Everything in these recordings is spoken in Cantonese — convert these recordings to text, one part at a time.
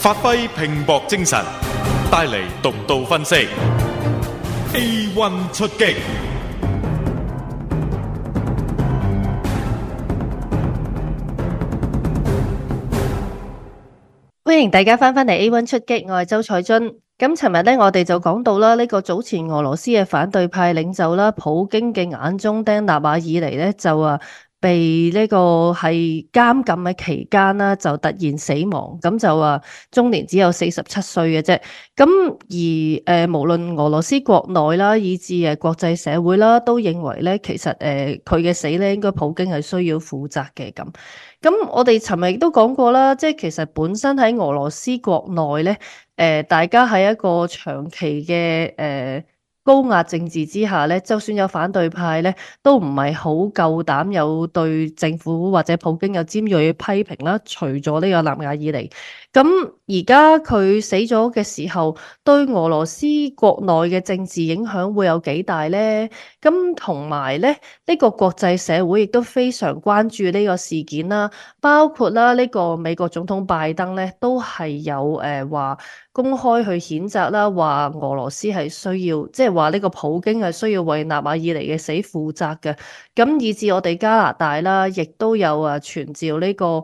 發揮拼搏精神，帶嚟獨到分析。A one 出擊，歡迎大家翻返嚟 A one 出擊，我係周采蓁。咁，尋日呢，我哋就講到啦，呢個早前俄羅斯嘅反對派領袖啦，普京嘅眼中釘納瓦爾尼呢，就啊。被呢個係監禁嘅期間啦，就突然死亡，咁就話中年只有四十七歲嘅啫。咁而誒、呃，無論俄羅斯國內啦，以至誒國際社會啦，都認為咧，其實誒佢嘅死咧，應該普京係需要負責嘅咁。咁我哋尋日亦都講過啦，即係其實本身喺俄羅斯國內咧，誒、呃、大家喺一個長期嘅誒。呃高壓政治之下咧，就算有反對派咧，都唔係好夠膽有對政府或者普京有尖銳批評啦。除咗呢個納瓦爾尼。咁而家佢死咗嘅時候，對俄羅斯國內嘅政治影響會有幾大咧？咁同埋咧，呢個國際社會亦都非常關注呢個事件啦，包括啦呢個美國總統拜登咧，都係有誒話公開去譴責啦，話俄羅斯係需要，即係話呢個普京係需要為納瓦爾尼嘅死負責嘅。咁以至我哋加拿大啦，亦都有啊傳召呢個。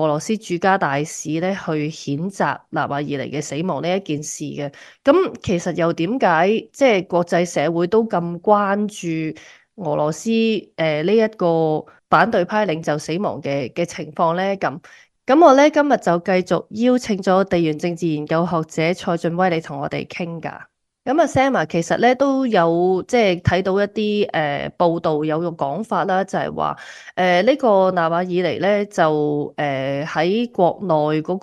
俄羅斯駐加大使咧，去譴責納瓦爾尼嘅死亡呢一件事嘅。咁其實又點解即係國際社會都咁關注俄羅斯誒呢一個反對派領袖死亡嘅嘅情況咧？咁咁我咧今日就繼續邀請咗地緣政治研究學者蔡俊威嚟同我哋傾㗎。咁啊，Sam 啊，其實咧都有即係睇到一啲誒、呃、報道，有個講法啦，就係話誒呢、呃那個納瓦爾尼咧就誒喺國內嗰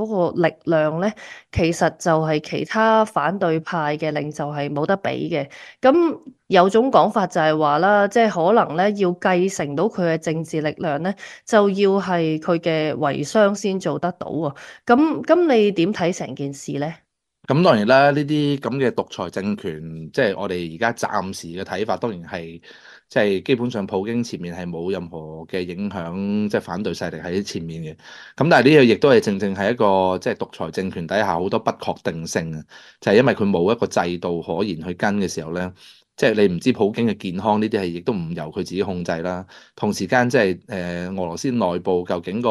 個個力量咧，其實就係其他反對派嘅領袖係冇得比嘅。咁有種講法就係話啦，即係可能咧要繼承到佢嘅政治力量咧，就要係佢嘅遺孀先做得到啊。咁咁你點睇成件事咧？咁當然啦，呢啲咁嘅獨裁政權，即係我哋而家暫時嘅睇法，當然係即係基本上普京前面係冇任何嘅影響，即係反對勢力喺前面嘅。咁但係呢個亦都係正正係一個即係獨裁政權底下好多不確定性啊！就係因為佢冇一個制度可言去跟嘅時候咧。即係你唔知普京嘅健康呢啲係，亦都唔由佢自己控制啦。同時間即係誒，俄羅斯內部究竟個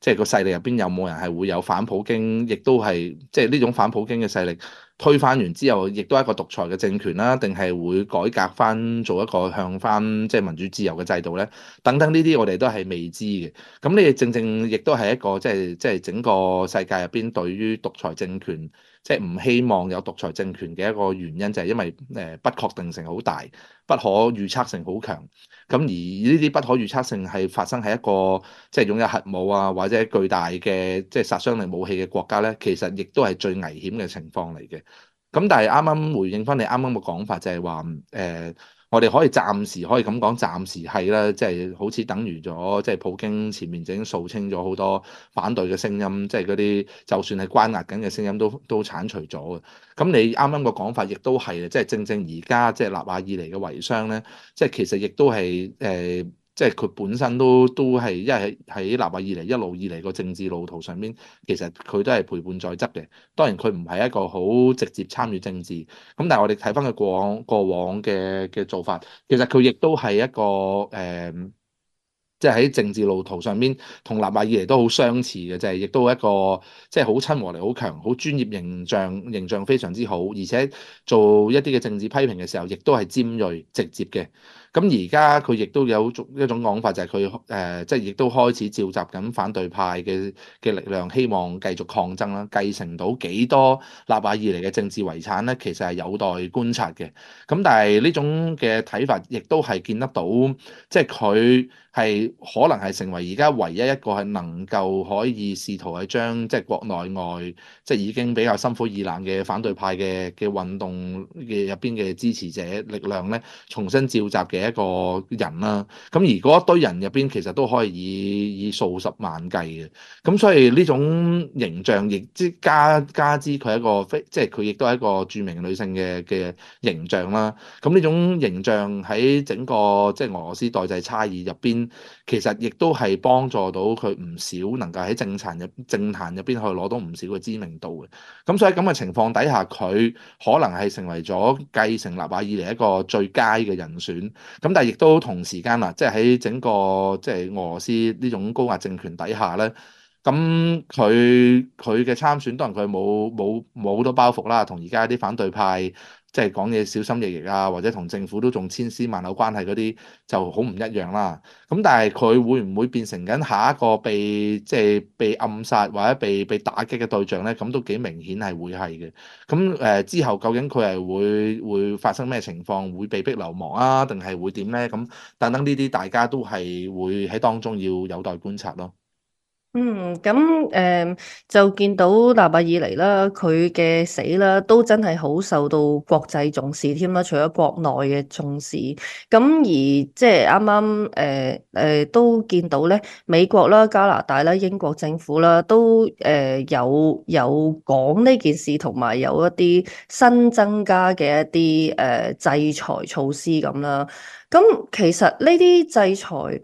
即係、就是、個勢力入邊有冇人係會有反普京，亦都係即係呢種反普京嘅勢力推翻完之後，亦都係一個獨裁嘅政權啦，定係會改革翻做一個向翻即係民主自由嘅制度咧？等等呢啲我哋都係未知嘅。咁你正正亦都係一個即係即係整個世界入邊對於獨裁政權。即係唔希望有獨裁政權嘅一個原因，就係因為誒不確定性好大，不可預測性好強。咁而呢啲不可預測性係發生喺一個即係擁有核武啊或者巨大嘅即係殺傷力武器嘅國家咧，其實亦都係最危險嘅情況嚟嘅。咁但係啱啱回應翻你啱啱嘅講法，就係話誒。我哋可以暫時可以咁講，暫時係啦，即係好似等於咗，即係普京前面已經掃清咗好多反對嘅聲音，即係嗰啲就算係關押緊嘅聲音都都剷除咗嘅。咁你啱啱個講法亦都係，即係正正而家即係納瓦爾尼嘅遺孀咧，即係其實亦都係誒。欸即係佢本身都都係，因為喺納瓦爾尼一路以嚟個政治路途上邊，其實佢都係陪伴在側嘅。當然佢唔係一個好直接參與政治，咁但係我哋睇翻佢過往過往嘅嘅做法，其實佢亦都係一個誒，即係喺政治路途上邊同納瓦爾尼都好相似嘅，就係亦都一個即係好親和力好強，好專業形象形象非常之好，而且做一啲嘅政治批評嘅時候，亦都係尖鋭直接嘅。咁而家佢亦都有一種講法，就係佢誒即係亦都開始召集緊反對派嘅嘅力量，希望繼續抗爭啦，繼承到幾多納瓦爾尼以嚟嘅政治遺產咧，其實係有待觀察嘅。咁但係呢種嘅睇法，亦都係見得到，即係佢係可能係成為而家唯一一個係能夠可以試圖係將即係國內外即係、就是、已經比較心灰意冷嘅反對派嘅嘅運動嘅入邊嘅支持者力量咧，重新召集嘅。一個人啦、啊，咁而嗰一堆人入邊，其實都可以以數十萬計嘅，咁所以呢種形象亦即加加之佢係一個即係佢亦都係一個著名女性嘅嘅形象啦。咁呢種形象喺整個即係、就是、俄羅斯代際差異入邊，其實亦都係幫助到佢唔少能，能夠喺政壇入政壇入邊去攞到唔少嘅知名度嘅。咁所以咁嘅情況底下，佢可能係成為咗繼承納瓦爾尼以嚟一個最佳嘅人選。咁但係亦都同時間啦，即係喺整個即係、就是、俄羅斯呢種高壓政權底下咧，咁佢佢嘅參選當然佢冇冇冇好多包袱啦，同而家啲反對派，即係講嘢小心翼翼啊，或者同政府都仲千絲萬縷關係嗰啲，就好唔一樣啦。咁但係佢會唔會變成緊下一個被即係、就是、被暗殺或者被被打擊嘅對象咧？咁都幾明顯係會係嘅。咁誒之後究竟佢係會會發生咩情況？會被逼流亡啊，定係會點咧？咁等等呢啲大家都係會喺當中要有待觀察咯。嗯，咁誒、嗯，就見到納瓦爾尼啦，佢嘅死啦，都真係好受到國際重視添啦，除咗國內嘅重視，咁、嗯、而即係啱啱誒誒，都見到咧，美國啦、加拿大啦、英國政府啦，都誒、呃、有有講呢件事，同埋有一啲新增加嘅一啲誒、呃、制裁措施咁啦。咁、嗯、其實呢啲制裁誒。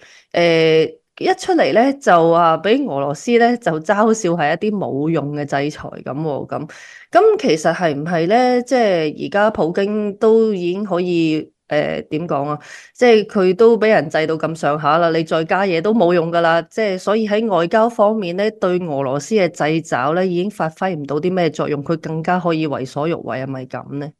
呃一出嚟咧就話，俾俄羅斯咧就嘲笑係一啲冇用嘅制裁咁、啊，咁咁其實係唔係咧？即係而家普京都已經可以誒點講啊？即係佢都俾人制到咁上下啦，你再加嘢都冇用噶啦。即係所以喺外交方面咧，對俄羅斯嘅制裁咧已經發揮唔到啲咩作用，佢更加可以為所欲為啊？係咪咁咧？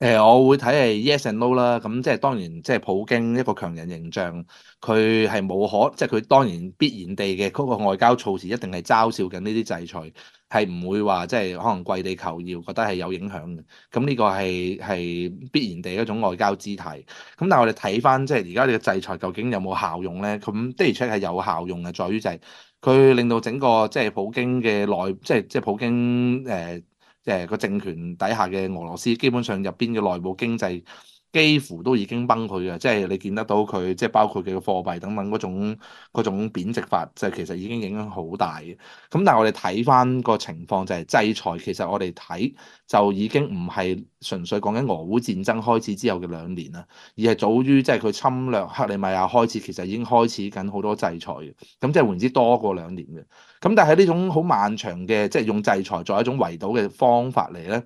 誒、呃，我會睇係 yes and no 啦。咁即係當然，即係普京一個強人形象，佢係冇可，即係佢當然必然地嘅嗰個外交措施一定係嘲笑緊呢啲制裁，係唔會話即係可能跪地求饒，覺得係有影響嘅。咁呢個係係必然地一種外交姿態。咁但係我哋睇翻即係而家你嘅制裁究竟有冇效用咧？咁的而且確係有效用嘅，用在於就係佢令到整個即係普京嘅內，即係即係普京誒。呃誒個政權底下嘅俄羅斯，基本上入邊嘅內部經濟。幾乎都已經崩潰嘅，即係你見得到佢，即係包括佢嘅貨幣等等嗰種嗰種貶值法，就其實已經影響好大嘅。咁但係我哋睇翻個情況就係，制裁其實我哋睇就已經唔係純粹講緊俄烏戰爭開始之後嘅兩年啦，而係早於即係佢侵略克里米亞開始，其實已經開始緊好多制裁嘅。咁即係換言之多過兩年嘅。咁但係呢種好漫長嘅，即係用制裁作為一種圍堵嘅方法嚟咧。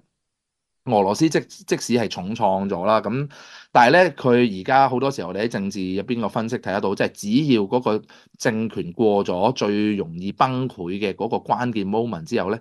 俄羅斯即即使係重創咗啦，咁但係咧，佢而家好多時候，我哋喺政治入邊個分析睇得到，即係只要嗰個政權過咗最容易崩潰嘅嗰個關鍵 moment 之後咧。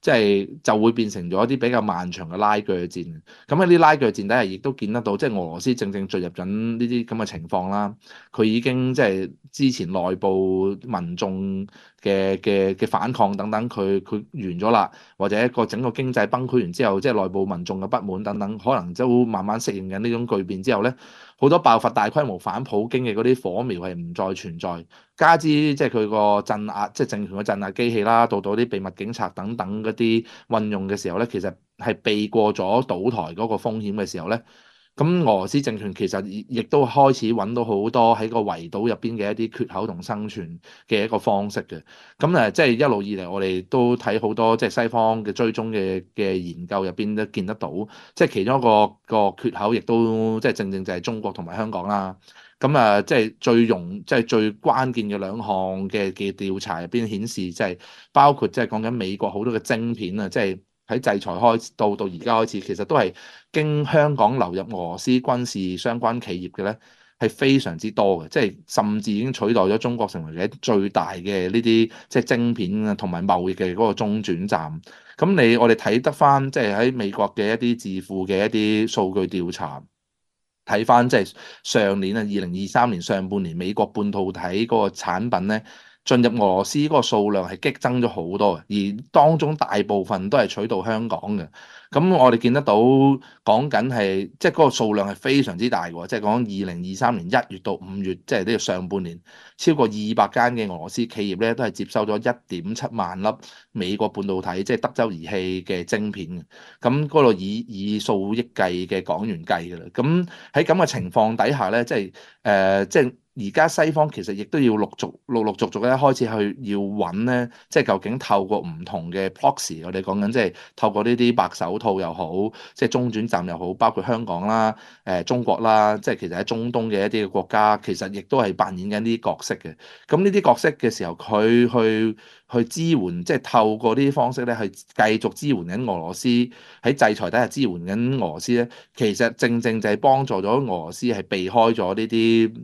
即係就會變成咗一啲比較漫長嘅拉鋸戰。咁喺啲拉鋸戰底下，亦都見得到，即係俄羅斯正正進入緊呢啲咁嘅情況啦。佢已經即係之前內部民眾嘅嘅嘅反抗等等，佢佢完咗啦，或者一個整個經濟崩潰完之後，即係內部民眾嘅不滿等等，可能就慢慢適應緊呢種巨變之後咧，好多爆發大規模反普京嘅嗰啲火苗係唔再存在。加之即係佢個鎮壓，即係政權嘅鎮壓機器啦，到到啲秘密警察等等嗰啲運用嘅時候咧，其實，係避過咗倒台嗰個風險嘅時候咧。咁俄羅斯政權其實亦都開始揾到好多喺個圍堵入邊嘅一啲缺口同生存嘅一個方式嘅。咁誒，即係一路以嚟，我哋都睇好多即係西方嘅追蹤嘅嘅研究入邊都見得到，即係其中一個一個缺口，亦都即係正正就係中國同埋香港啦。咁啊，即係最容，即係最關鍵嘅兩項嘅嘅調查入邊顯示，即係包括即係講緊美國好多嘅晶片啊，即係喺制裁開始到到而家開始，其實都係經香港流入俄羅斯軍事相關企業嘅咧，係非常之多嘅，即係甚至已經取代咗中國成為嘅最大嘅呢啲即係晶片啊同埋貿易嘅嗰個中轉站。咁你我哋睇得翻，即係喺美國嘅一啲自負嘅一啲數據調查。睇翻即係上年啊，二零二三年上半年美國半導體嗰個產品咧，進入俄羅斯嗰個數量係激增咗好多嘅，而當中大部分都係取到香港嘅。咁我哋見得到講緊係，即係嗰個數量係非常之大喎，即係講二零二三年一月到五月，即係呢個上半年超過二百間嘅俄羅斯企業咧，都係接收咗一點七萬粒美國半導體，即係德州儀器嘅晶片。咁嗰個以以數億計嘅港元計㗎啦。咁喺咁嘅情況底下咧，即係誒，即係而家西方其實亦都要陸續陸陸續續咧開始去要揾咧，即係究竟透過唔同嘅 proxy，我哋講緊即係透過呢啲白手。套又好，即係中轉站又好，包括香港啦、誒、呃、中國啦，即係其實喺中東嘅一啲嘅國家，其實亦都係扮演緊呢啲角色嘅。咁呢啲角色嘅時候，佢去。去去支援，即係透過呢啲方式咧，去繼續支援緊俄羅斯，喺制裁底下支援緊俄羅斯咧。其實正正就係幫助咗俄羅斯係避開咗呢啲誒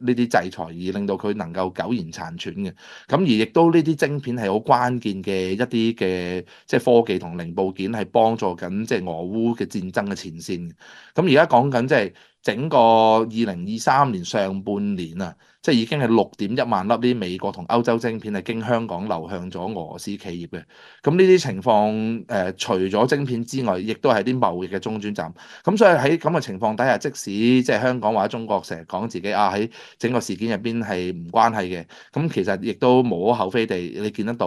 呢啲制裁，而令到佢能夠苟延殘喘嘅。咁而亦都呢啲晶片係好關鍵嘅一啲嘅即係科技同零部件係幫助緊即係俄烏嘅戰爭嘅前線嘅。咁而家講緊即係。整個二零二三年上半年啊，即係已經係六點一萬粒呢啲美國同歐洲晶片係經香港流向咗俄羅斯企業嘅。咁呢啲情況誒、呃，除咗晶片之外，亦都係啲貿易嘅中轉站。咁、嗯、所以喺咁嘅情況底下，即使即係香港或者中國成日講自己啊喺整個事件入邊係唔關係嘅，咁、嗯、其實亦都無可厚非地，你見得到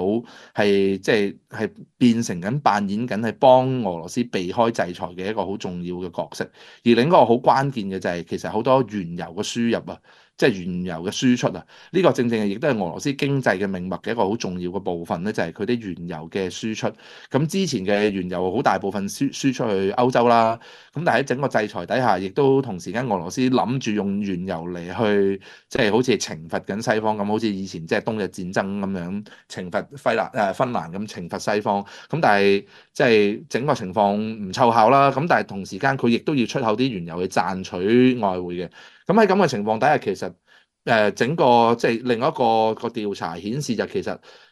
係即係係變成緊扮演緊係幫俄羅斯避開制裁嘅一個好重要嘅角色，而另一個好關鍵。嘅就係其實好多原油嘅輸入啊。即係原油嘅輸出啊！呢個正正係亦都係俄羅斯經濟嘅命脈嘅一個好重要嘅部分咧，就係佢啲原油嘅輸出。咁之前嘅原油好大部分輸輸出去歐洲啦。咁但係喺整個制裁底下，亦都同時間俄羅斯諗住用原油嚟去，即係好似懲罰緊西方咁，好似以前即係冬日戰爭咁樣懲罰芬蘭，誒、芬蘭咁懲罰西方。咁但係即係整個情況唔奏效啦。咁但係同時間佢亦都要出口啲原油去賺取外匯嘅。咁喺咁嘅情況底下，其實誒、呃、整個即係、就是、另一個個調查顯示就是、其實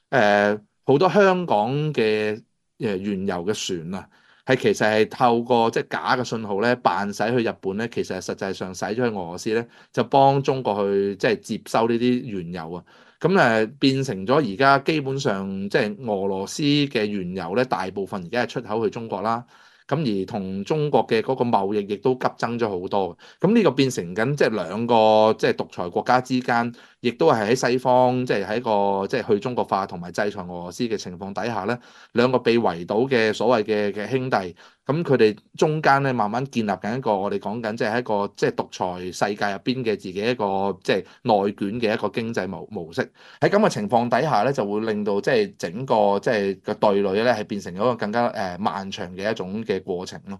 誒好、呃、多香港嘅誒原油嘅船啊，係其實係透過即係、就是、假嘅信號咧，扮駛去日本咧，其實係實際上使咗去俄羅斯咧，就幫中國去即係、就是、接收呢啲原油啊。咁誒變成咗而家基本上即係、就是、俄羅斯嘅原油咧，大部分而家係出口去中國啦。咁而同中國嘅嗰個貿易亦都急增咗好多，咁呢個變成緊，即係兩個即係獨裁國家之間。亦都係喺西方，即係喺個即係、就是、去中國化同埋制裁俄羅斯嘅情況底下咧，兩個被圍堵嘅所謂嘅嘅兄弟，咁佢哋中間咧慢慢建立緊一個我哋講緊即係一個即係獨裁世界入邊嘅自己一個即係內卷嘅一個經濟模模式。喺咁嘅情況底下咧，就會令到即係整個即係個對壘咧，係變成一個更加誒漫長嘅一種嘅過程咯。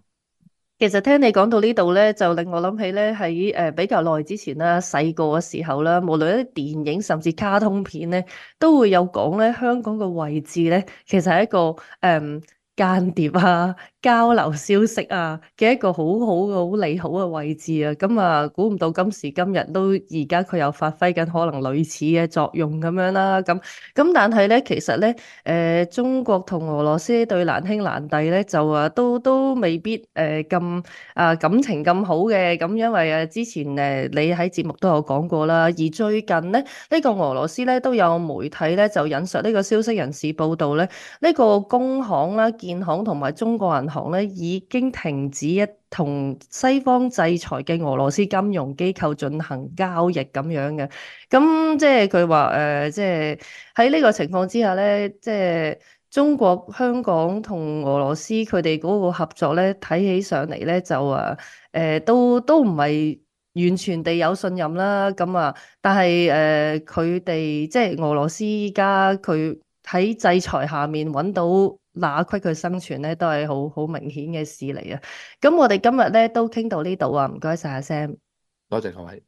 其實聽你講到呢度咧，就令我諗起咧，喺誒比較耐之前啦，細個嘅時候啦，無論一啲電影甚至卡通片咧，都會有講咧香港嘅位置咧，其實係一個誒間諜啊。交流消息啊嘅一個好好嘅好利好嘅位置啊，咁啊估唔到今時今日都而家佢又發揮緊可能類似嘅作用咁樣啦、啊，咁、嗯、咁、嗯、但係咧其實咧誒、呃、中國同俄羅斯對難兄難弟咧就啊都都未必誒咁、呃、啊感情咁好嘅。咁因為誒之前誒你喺節目都有講過啦，而最近咧呢、呢個俄羅斯咧都有媒體咧就引述呢個消息人士報道咧，呢、呢個工行啦、建行同埋中國人。行咧已經停止一同西方制裁嘅俄羅斯金融機構進行交易咁樣嘅。咁即係佢話誒，即係喺呢個情況之下咧，即係中國香港同俄羅斯佢哋嗰個合作咧，睇起上嚟咧就啊誒、呃，都都唔係完全地有信任啦。咁啊，但係誒佢哋即係俄羅斯依家佢喺制裁下面揾到。哪虧佢生存咧，都係好好明顯嘅事嚟啊！咁我哋今日咧都傾到呢度啊，唔該晒阿 Sam，多謝各位。